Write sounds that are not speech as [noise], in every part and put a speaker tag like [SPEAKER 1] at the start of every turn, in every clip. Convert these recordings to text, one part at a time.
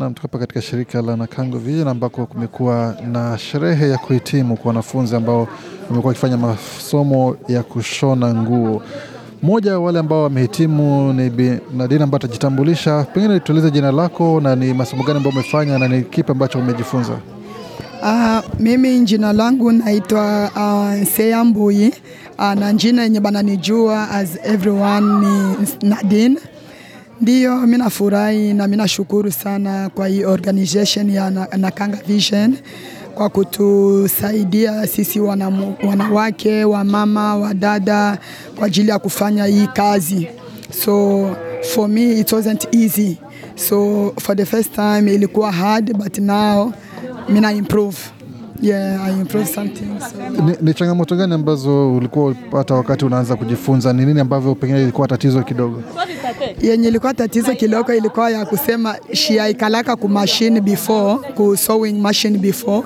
[SPEAKER 1] Nam, tuko katika shirika la Nakango Vijijini ambako kumekuwa na sherehe ya kuhitimu kwa wanafunzi ambao wamekuwa wakifanya masomo ya kushona nguo. Mmoja wale ambao wamehitimu ni Bi Nadine ambaye atajitambulisha. Pengine tueleze jina lako na ni masomo gani ambayo umefanya na ni kipi ambacho umejifunza?
[SPEAKER 2] Uh, mimi jina langu naitwa uh, ah, Nsea Mbuyi uh, na jina yenye bananijua as everyone ni Nadine Ndiyo, mimi nafurahi na mimi nashukuru sana kwa hii organization ya Nakanga Vision kwa kutusaidia sisi wanawake wa mama wa dada kwa ajili ya kufanya hii kazi. So for me it wasn't easy. So for the first time ilikuwa hard but now mina improve. Yeah, I improved something, So.
[SPEAKER 1] Ni, ni changamoto gani ambazo ulikuwa hata wakati unaanza kujifunza, ni nini ambavyo pengine ilikuwa tatizo kidogo?
[SPEAKER 2] Yenye ilikuwa tatizo kidogo ilikuwa ya kusema shiaikalaka ku machine before ku sewing machine before,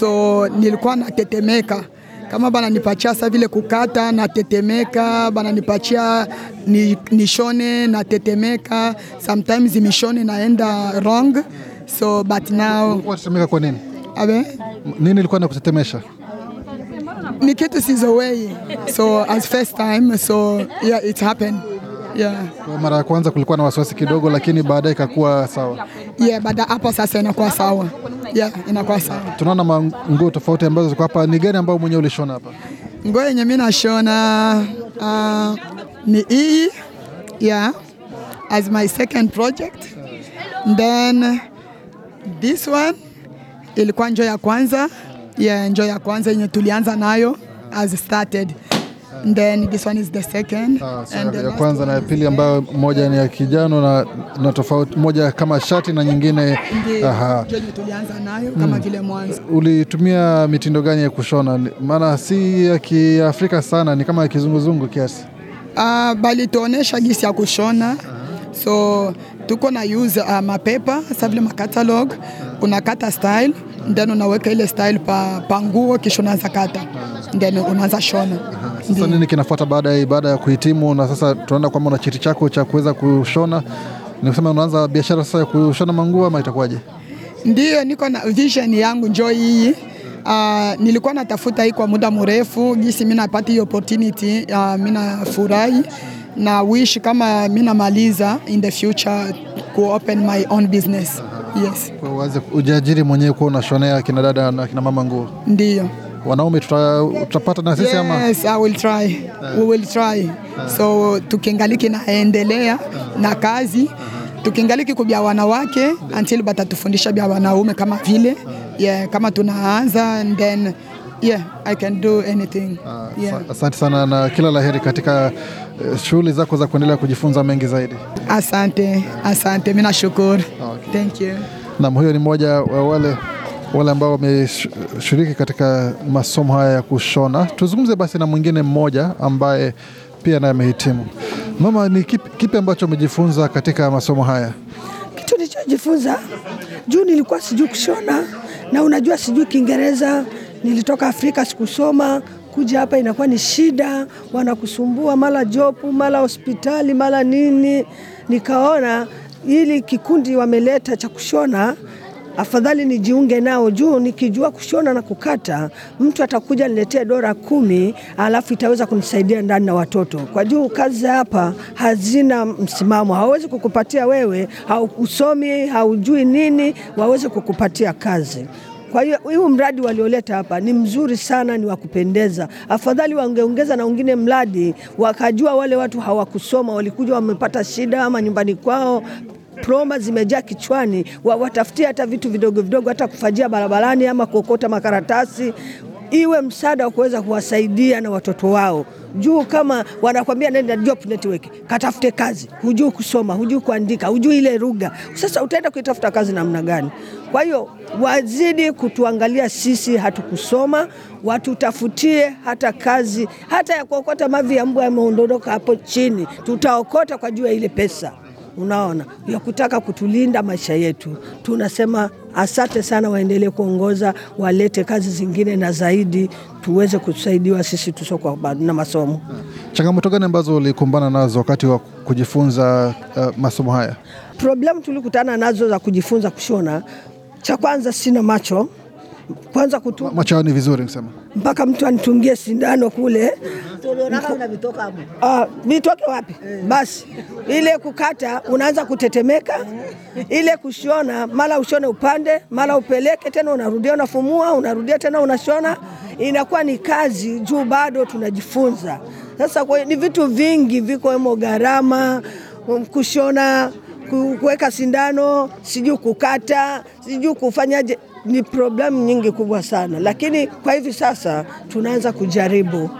[SPEAKER 2] so nilikuwa natetemeka kama nipachia sa vile kukata natetemeka, nipachia ni, nishone natetemeka, sometimes mishone naenda wrong, so but now. kwa nini? Abe?
[SPEAKER 1] Nini ilikuwa nakutetemesha?
[SPEAKER 2] Ni kitu sizowei, so as first time, so yeah it happened.
[SPEAKER 1] Yeah. Kwa mara ya kwanza kulikuwa na wasiwasi kidogo, lakini baadaye ikakuwa sawa.
[SPEAKER 2] Yeah, baada hapo sasa inakuwa sawa.
[SPEAKER 1] Yeah, inakuwa sawa. Tunaona manguo tofauti ambazo ziko hapa. Ni gani ambayo mwenyewe ulishona hapa? Nguo yenye mimi nashona uh, ni hii yeah,
[SPEAKER 2] as my second project. Then this one ilikuwa njoo ya kwanza yeah, njoo ya kwanza yenye tulianza nayo as started then this one is the second ah, and the ya
[SPEAKER 1] kwanza na ya pili ambayo moja ni ya kijano na, na tofauti moja kama shati na nyingine
[SPEAKER 2] tulianza nayo kama mm. vile mwanzo.
[SPEAKER 1] Ulitumia mitindo gani ya kushona? Maana si ya Kiafrika sana, ni kama ya kizunguzungu kiasi. ah, bali tuonesha gisi ya kushona
[SPEAKER 2] so tuko na use uh, mapepa sa vile makatalog unakata style then unaweka ile style pa, pa nguo kisha unaanza kata then unaanza shona.
[SPEAKER 1] Sasa nini kinafuata baada ya baada ya kuhitimu? Na sasa tunaenda kwamba una cheti chako cha kuweza kushona, ni kusema unaanza biashara sasa ya kushona manguo ama itakuwaje?
[SPEAKER 2] ndio niko na vision yangu njoo hii Uh, nilikuwa natafuta hii kwa muda mrefu, jinsi mimi napata hii opportunity uh, mimi nafurahi na wish kama mimi namaliza in the future ku open my own business.
[SPEAKER 1] Yes. Kwa ujiajiri mwenyewe kuwa unashonea kina dada na kina mama nguo? Ndiyo. Wanaume tutapata na sisi ama?
[SPEAKER 2] Yes, I will try. Eh. We will try. Eh. So tukiangaliki naendelea yeah. na kazi yeah. kubia wanawake until batatufundisha bia wanaume kama vile yeah. yeah, kama tunaanza then Yeah, I can do anything. Ah, yeah.
[SPEAKER 1] Asante sana na kila laheri katika eh, shughuli zako za kuendelea kujifunza mengi zaidi.
[SPEAKER 2] Asante,
[SPEAKER 1] asante. Mimi nashukuru. Ah,
[SPEAKER 2] okay. Thank you.
[SPEAKER 1] Naam, huyo ni mmoja wa wale wale ambao wameshiriki katika masomo haya ya kushona. Tuzungumze basi na mwingine mmoja ambaye pia naye amehitimu. Mama, ni kipi, kipi ambacho umejifunza katika masomo haya?
[SPEAKER 3] Kitu nilichojifunza juu, nilikuwa sijui kushona, na unajua sijui Kiingereza nilitoka Afrika sikusoma, kuja hapa inakuwa ni shida, wanakusumbua mala jopu mala hospitali mala nini. Nikaona ili kikundi wameleta cha kushona afadhali nijiunge nao, juu nikijua kushona na kukata, mtu atakuja niletee dora kumi, alafu itaweza kunisaidia ndani na watoto. Kwa juu kazi hapa hazina msimamo, hawawezi kukupatia wewe, hausomi haujui nini, waweze kukupatia kazi. Kwa hiyo huu mradi walioleta hapa ni mzuri sana, ni wa kupendeza. Afadhali wangeongeza na wengine mradi, wakajua wale watu hawakusoma, walikuja wamepata shida ama nyumbani kwao Proma zimejaa kichwani, watafutie hata vitu vidogo vidogo, hata kufajia barabarani ama kuokota makaratasi iwe msaada wa kuweza kuwasaidia na watoto wao juu kama wanakwambia nenda job network, katafute kazi, hujui kusoma, hujui kuandika, hujui ile lugha, sasa utaenda kuitafuta kazi namna gani? Kwa hiyo wazidi kutuangalia sisi, hatukusoma, watutafutie hata kazi hata ya kuokota mavi ya mbwa yameondoka hapo chini, tutaokota kwa juu ya ile pesa unaona, ya kutaka kutulinda maisha yetu. Tunasema asante sana, waendelee kuongoza, walete kazi zingine na zaidi, tuweze kusaidiwa sisi tusoko bado na masomo.
[SPEAKER 1] Changamoto gani ambazo ulikumbana nazo wakati wa kujifunza uh, masomo
[SPEAKER 3] haya? Problemu tulikutana nazo za kujifunza kushona, cha kwanza sina macho kwanza kutu... macho ni vizuri msema mpaka mtu anitungie sindano kule ah, vitoke wapi basi ile kukata unaanza kutetemeka ile kushona mara ushone upande mara upeleke tena unarudia unafumua unarudia tena unashona inakuwa ni kazi juu bado tunajifunza sasa kwa, ni vitu vingi vikowemo gharama um, kushona kuweka sindano sijui kukata sijui kufanyaje ni problemu nyingi kubwa sana, lakini kwa hivi sasa tunaanza kujaribu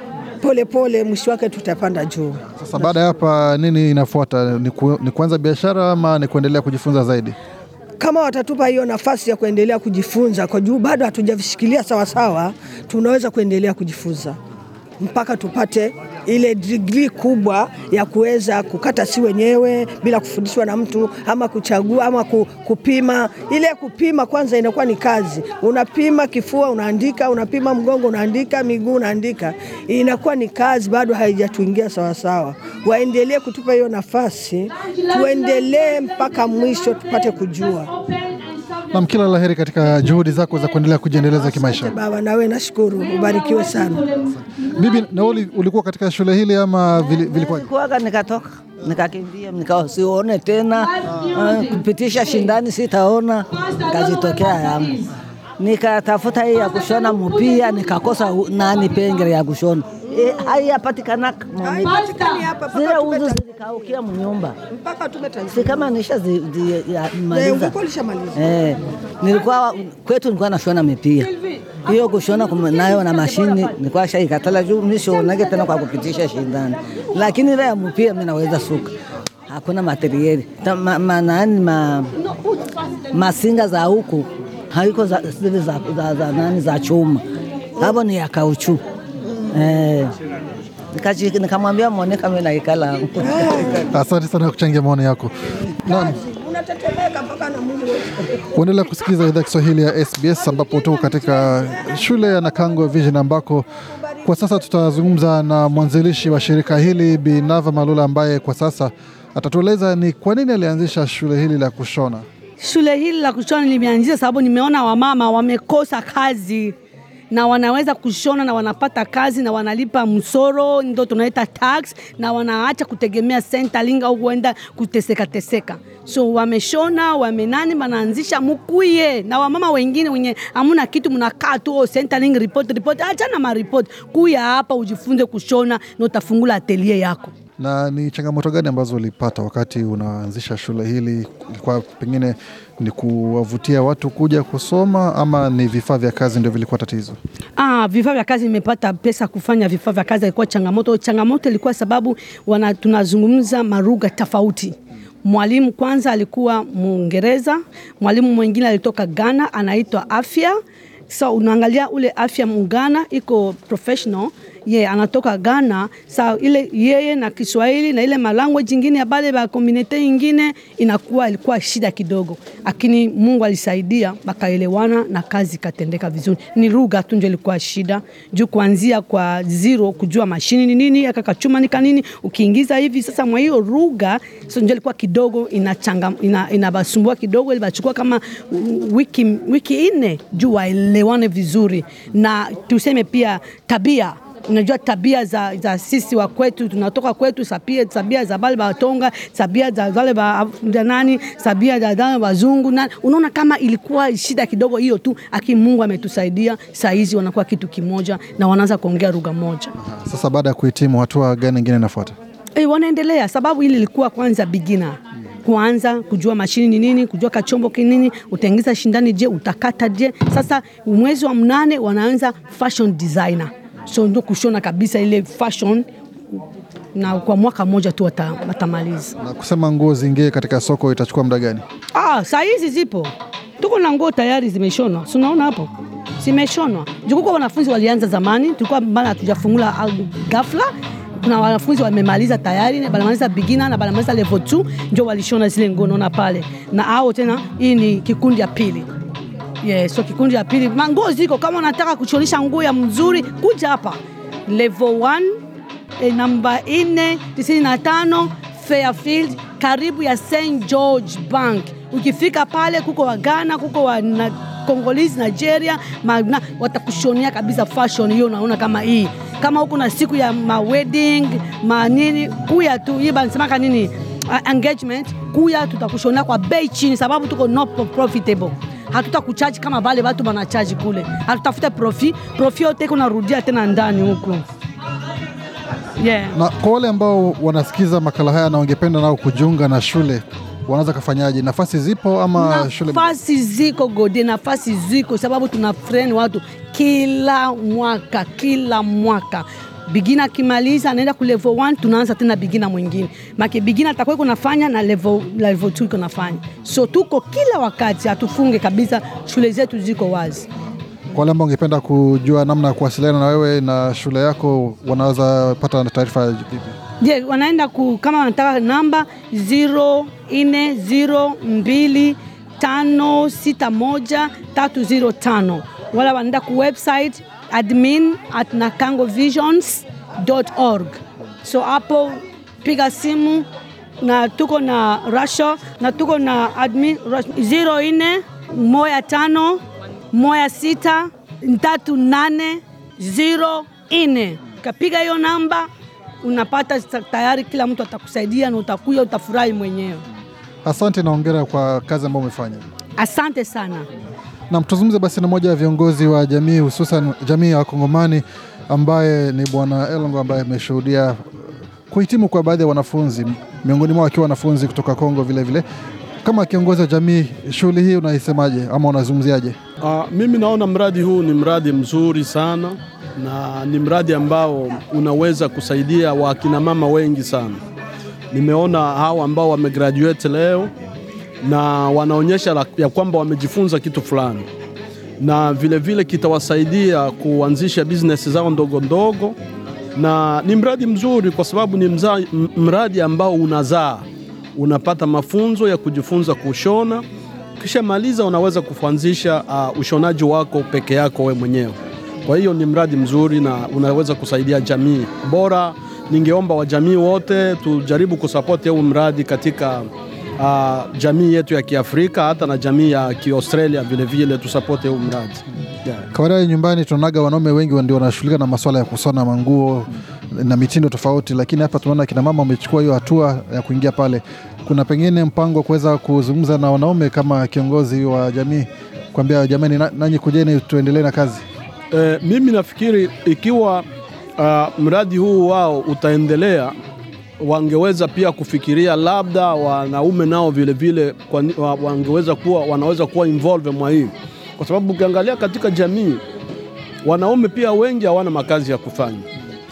[SPEAKER 3] polepole, mwisho wake tutapanda juu. Sasa baada
[SPEAKER 1] ya hapa nini inafuata? Ni, ku, ni kuanza biashara ama ni kuendelea kujifunza zaidi?
[SPEAKER 3] Kama watatupa hiyo nafasi ya kuendelea kujifunza, kwa juu bado hatujavishikilia sawasawa, tunaweza kuendelea kujifunza mpaka tupate ile digri kubwa ya kuweza kukata si wenyewe bila kufundishwa na mtu, ama kuchagua ama kupima. Ile kupima kwanza inakuwa ni kazi, unapima kifua unaandika, unapima mgongo unaandika, miguu unaandika, inakuwa ni kazi, bado haijatuingia sawasawa. Waendelee kutupa hiyo nafasi, tuendelee mpaka mwisho tupate kujua.
[SPEAKER 1] Nam, kila la heri katika juhudi zako za kuendelea kujiendeleza kimaisha. Baba nawe nashukuru, ubarikiwe sana. Bibi, nauli ulikuwa katika shule hili ama vilikuwa? Nilikuwa
[SPEAKER 3] nikatoka nikakimbia nikawa sione tena ah, kupitisha shindani, sitaona
[SPEAKER 1] nikajitokea yangu
[SPEAKER 3] nikatafuta hii ya kushona mpia nikakosa nani pengele ya kushona e, haiyapatikanaka zile uzu zilikaukia mnyumba mpaka tumetaifa si kama nishamaliza eh, e, eh, nilikuwa kwetu nilikuwa nashona mipia hiyo kushona nayo na mashini nilikuwa shaikatala juu mishonage tena kwa kupitisha shindani, lakini ile ya mupia mimi naweza suka hakuna materieli ma, ma, ma, masinga za huku haiko zile za, za, za, nani za chuma, hapo ni ya kauchu eh. Nikamwambia Moneka mimi naikala. [laughs]
[SPEAKER 1] Asante sana kwa kuchangia maoni yako. Naam. Uendelea kusikiliza idhaa Kiswahili ya SBS ambapo tuko katika shule ya Nakango Vision ambako kwa sasa tutazungumza na mwanzilishi wa shirika hili binava Malula ambaye kwa sasa atatueleza ni kwa nini alianzisha shule hili la kushona.
[SPEAKER 4] Shule hili la kushona limeanzisha sababu nimeona wamama wamekosa kazi na wanaweza kushona na wanapata kazi na wanalipa msoro, ndio tunaita tax, na wanaacha kutegemea Centrelink au kuenda kuteseka teseka. So wameshona wamenani, wanaanzisha mukuye na wamama wengine wenye amuna kitu, mnakaa tu oh, Centrelink report report. Achana ma report, kuya hapa ujifunze kushona na utafungula atelier yako.
[SPEAKER 1] Na ni changamoto gani ambazo ulipata wakati unaanzisha shule hili? Ilikuwa pengine ni kuwavutia watu kuja kusoma ama ni vifaa vya kazi ndio vilikuwa tatizo?
[SPEAKER 4] Ah, vifaa vya kazi, nimepata pesa kufanya vifaa vya kazi, ilikuwa changamoto. Changamoto ilikuwa sababu wana, tunazungumza marugha tofauti Mwalimu kwanza alikuwa Muingereza, mwalimu mwingine alitoka Ghana, anaitwa Afya. So unaangalia ule Afya mungana iko professional ye anatoka Ghana, sa ile yeye na Kiswahili na ile malanguage nyingine ya bale ba community nyingine inakuwa ilikuwa shida kidogo, lakini Mungu alisaidia bakaelewana na kazi katendeka vizuri. Ni lugha tu ndio ilikuwa shida juu kuanzia kwa zero kujua mashini ni nini akakachuma ni kanini ukiingiza hivi sasa mwa hiyo lugha so ndio ilikuwa kidogo inachanga ina, inabasumbua kidogo, ilibachukua kama wiki wiki nne juu waelewane vizuri na tuseme pia tabia Unajua tabia za, za sisi wa kwetu tunatoka kwetu, sapia tabia za bale Watonga, tabia za wale nani, sabia za wale wazungu na unaona, kama ilikuwa shida kidogo hiyo tu, lakini Mungu ametusaidia saa hizi wanakuwa kitu kimoja na wanaanza kuongea lugha moja.
[SPEAKER 1] Sasa baada ya kuhitimu, hatua gani nyingine inafuata?
[SPEAKER 4] E, wanaendelea sababu hili ilikuwa kwanza bigina kuanza kujua mashini ni nini, kujua kachombo kinini, utaingiza shindani, je utakata je? Sasa mwezi wa mnane wanaanza fashion designer so ndio kushona kabisa ile fashion na kwa mwaka mmoja tu watamaliza.
[SPEAKER 1] Na kusema nguo zingie katika soko itachukua muda gani?
[SPEAKER 4] Ah, saa hizi zipo, tuko na nguo tayari zimeshonwa, si unaona hapo zimeshonwa. Jukuko wanafunzi walianza zamani, tulikuwa bana hatujafungula ghafla. Kuna wanafunzi wamemaliza tayari, banamaliza beginner na banamaliza level 2 ndio walishona zile nguo, naona pale na ao tena. Hii ni kikundi ya pili. Yes, so kikundi ya pili manguo ziko, kama unataka kuchonisha nguo ya mzuri kuja hapa level 1 e, namba 4 95 Fairfield karibu ya St George Bank. Ukifika pale kuko wa Ghana, kuko wa na, Congolese, Nigeria magna, watakushonia kabisa fashion hiyo unaona kama hii. Kama huko na siku ya ma wedding, ma nini kuya tu hii bansemaka nini uh, engagement kuya, tutakushonea kwa bei chini, sababu tuko not profitable hatuta kuchaji kama vale watu wanachaji kule, hatutafute profi profi yote iko narudia tena ndani huko
[SPEAKER 1] yeah. Na kwa wale ambao wanasikiza makala haya na wangependa nao kujiunga na shule wanaweza kafanyaje? Nafasi zipo ama na shule?
[SPEAKER 4] Nafasi ziko Gode, nafasi ziko sababu tuna friend watu kila mwaka kila mwaka bigina akimaliza anaenda ku level 1 tunaanza tena bigina mwingine, make bigina atakuwa iko nafanya na level, level 2 iko nafanya. So tuko kila wakati, hatufunge kabisa, shule zetu ziko
[SPEAKER 1] wazi. Kwa wale ambao ungependa kujua namna ya kuwasiliana na wewe na shule yako, wanaweza pata taarifa vipi?
[SPEAKER 4] Je, wanaenda ku, kama wanataka namba 0402 tano sita moja tatu ziro tano wala wanaenda ku website admin at nakangovisions.org. So hapo piga simu na tuko na Russia na tuko na admin 04 moja tano moya sita tatu nane zero ine Kapiga hiyo namba unapata tayari, kila mtu atakusaidia na utakuya, utafurahi mwenyewe.
[SPEAKER 1] Asante na ongera kwa kazi ambayo umefanya.
[SPEAKER 4] Asante sana
[SPEAKER 1] na tuzungumze basi na mmoja ya viongozi wa jamii hususan jamii ya Wakongomani ambaye ni Bwana Elongo ambaye ameshuhudia uh, kuhitimu kwa baadhi ya wanafunzi miongoni mwao akiwa wanafunzi kutoka Kongo vilevile vile. Kama kiongozi wa jamii, shughuli hii unaisemaje ama unazungumziaje?
[SPEAKER 5] Uh, mimi naona mradi huu ni mradi mzuri sana na ni mradi ambao unaweza kusaidia wakina mama wengi sana. Nimeona hao ambao wamegraduate leo na wanaonyesha ya kwamba wamejifunza kitu fulani, na vilevile vile kitawasaidia kuanzisha bizinesi zao ndogo ndogo, na ni mradi mzuri kwa sababu ni mza, mradi ambao unazaa, unapata mafunzo ya kujifunza kushona, kisha maliza unaweza kuanzisha uh, ushonaji wako peke yako we mwenyewe. Kwa hiyo ni mradi mzuri na unaweza kusaidia jamii bora. Ningeomba wajamii wote tujaribu kusapoti huu mradi katika uh, jamii yetu ya Kiafrika hata na jamii ya Kiaustralia vilevile tusapote huu mradi yeah.
[SPEAKER 1] Kawaida nyumbani tunaonaga wanaume wengi ndio wanashughulika na masuala ya kusona manguo na mitindo tofauti, lakini hapa tunaona kina mama wamechukua hiyo hatua ya kuingia pale. Kuna pengine mpango wa kuweza kuzungumza na wanaume kama kiongozi wa jamii, kuambia jamani, nanyi kujeni, tuendelee na kazi.
[SPEAKER 5] eh, mimi nafikiri ikiwa uh, mradi huu wao utaendelea wangeweza pia kufikiria labda wanaume nao vilevile vile, wangeweza kuwa, wanaweza kuwa involve mwa hii, kwa sababu ukiangalia katika jamii wanaume pia wengi hawana makazi ya kufanya,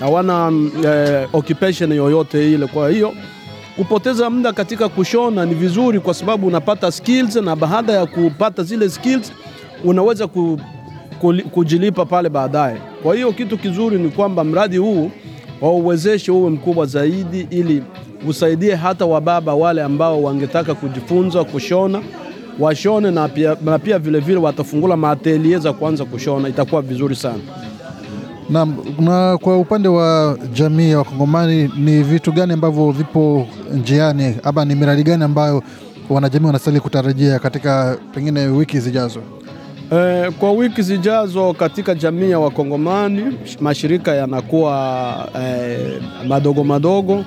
[SPEAKER 5] hawana eh, occupation yoyote ile. Kwa hiyo kupoteza muda katika kushona ni vizuri, kwa sababu unapata skills, na baada ya kupata zile skills unaweza ku, ku, kujilipa pale baadaye. Kwa hiyo kitu kizuri ni kwamba mradi huu wauwezeshe uwe mkubwa zaidi, ili usaidie hata wababa wale ambao wangetaka kujifunza kushona washone, na pia, na pia vilevile watafungula maatelie za kuanza kushona, itakuwa vizuri sana.
[SPEAKER 1] Na, na kwa upande wa jamii ya Wakongomani ni vitu gani ambavyo vipo njiani ama ni miradi gani ambayo wanajamii wanastahili kutarajia katika pengine wiki zijazo? E,
[SPEAKER 5] kwa wiki zijazo katika jamii ya Wakongomani mashirika yanakuwa e, madogo madogo.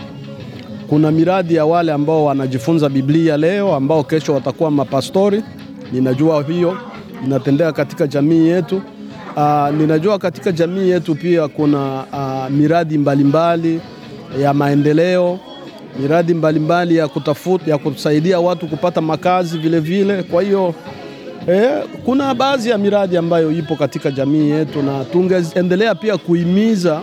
[SPEAKER 5] Kuna miradi ya wale ambao wanajifunza Biblia leo ambao kesho watakuwa mapastori. Ninajua hiyo inatendeka katika jamii yetu. Aa, ah, ninajua katika jamii yetu pia kuna a, ah, miradi mbalimbali mbali ya maendeleo, miradi mbalimbali mbali ya kutafuta, ya kusaidia watu kupata makazi vilevile vile. Kwa hiyo Eh, kuna baadhi ya miradi ambayo ipo katika jamii yetu na tungeendelea pia kuhimiza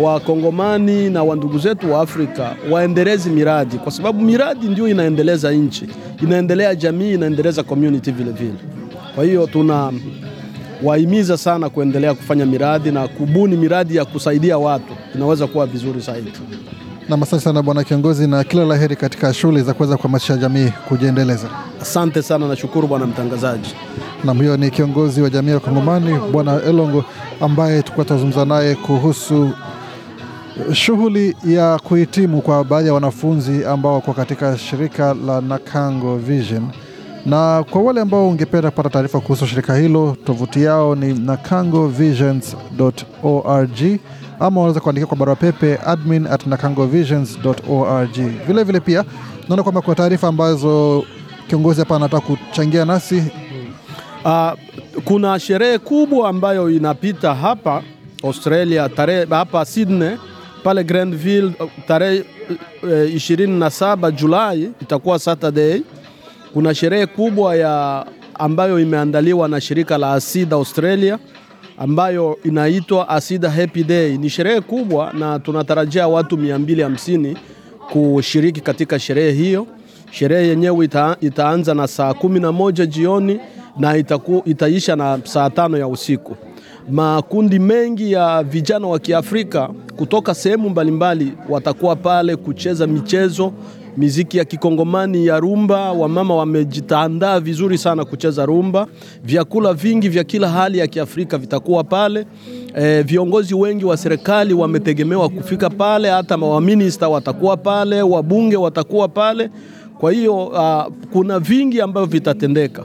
[SPEAKER 5] Wakongomani na wandugu zetu wa Afrika waendelezi miradi, kwa sababu miradi ndio inaendeleza nchi, inaendelea jamii, inaendeleza community vile vile. Kwa hiyo tuna wahimiza sana kuendelea kufanya miradi na kubuni miradi ya kusaidia watu, inaweza kuwa vizuri zaidi.
[SPEAKER 1] Nam, asante sana bwana kiongozi, na kila la heri katika shughuli za kuweza kuhamasisha jamii kujiendeleza. Asante
[SPEAKER 5] sana, nashukuru bwana mtangazaji.
[SPEAKER 1] Nam, huyo ni kiongozi wa jamii ya Kongomani bwana Elongo ambaye tulikuwa tunazungumza naye kuhusu eh, shughuli ya kuhitimu kwa baadhi ya wanafunzi ambao wako katika shirika la Nakango Vision. Na kwa wale ambao ungependa kupata taarifa kuhusu shirika hilo, tovuti yao ni nakangovisions.org ama unaweza kuandikia kwa barua pepe admin at nakangovisions.org. Vilevile vile pia naona kwamba kuna taarifa ambazo kiongozi hapa anataka kuchangia nasi. Uh, kuna
[SPEAKER 5] sherehe kubwa ambayo inapita hapa Australia tarehe hapa Sydney pale grandville tarehe eh, 27 Julai itakuwa Saturday. Kuna sherehe kubwa ya ambayo imeandaliwa na shirika la ASIDA Australia ambayo inaitwa Asida Happy Day. Ni sherehe kubwa na tunatarajia watu 250 kushiriki katika sherehe hiyo. Sherehe yenyewe ita, itaanza na saa kumi na moja jioni na itaku, itaisha na saa tano ya usiku. Makundi mengi ya vijana wa Kiafrika kutoka sehemu mbalimbali watakuwa pale kucheza michezo miziki ya kikongomani ya rumba. Wamama wamejitandaa vizuri sana kucheza rumba. Vyakula vingi vya kila hali ya Kiafrika vitakuwa pale. E, viongozi wengi wa serikali wametegemewa kufika pale, hata mawaminista watakuwa pale, wabunge watakuwa pale. Kwa hiyo uh, kuna vingi ambavyo vitatendeka.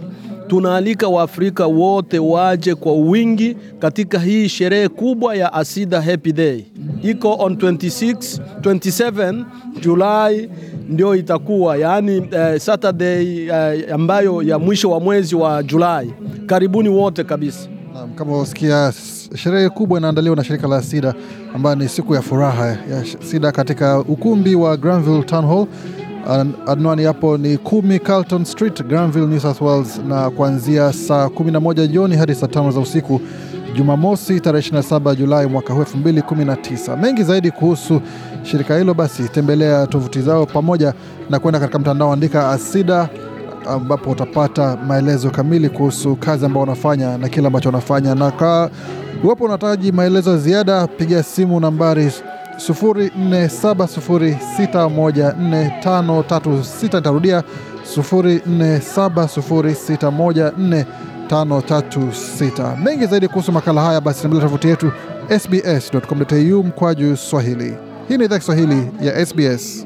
[SPEAKER 5] Tunaalika Waafrika wote waje kwa wingi katika hii sherehe kubwa ya Asida Happy Day. Iko on 26, 27 Julai ndio itakuwa yaani, uh, Saturday uh, ambayo ya mwisho wa mwezi wa Julai. Karibuni wote kabisa.
[SPEAKER 1] Kama usikia sherehe kubwa inaandaliwa na shirika la Sida ambayo ni siku ya furaha ya Sida katika ukumbi wa Granville Town Hall Anwani hapo ni kumi Carlton Street, Granville, New South Wales, na kuanzia saa 11 jioni hadi saa tano za usiku Jumamosi tarehe 27 Julai mwaka huu tisa. Mengi zaidi kuhusu shirika hilo, basi tembelea tovuti zao pamoja na kuenda katika mtandao, andika ASIDA ambapo utapata maelezo kamili kuhusu kazi ambao wanafanya na kile ambacho wanafanya. Na iwapo unahitaji maelezo ya ziada, piga simu nambari 0470614536. Nitarudia 0470614536. Mengi zaidi kuhusu makala haya basi tembelea tovuti yetu sbs.com.au mkwaju Swahili. Hii ni idhaa Kiswahili ya SBS.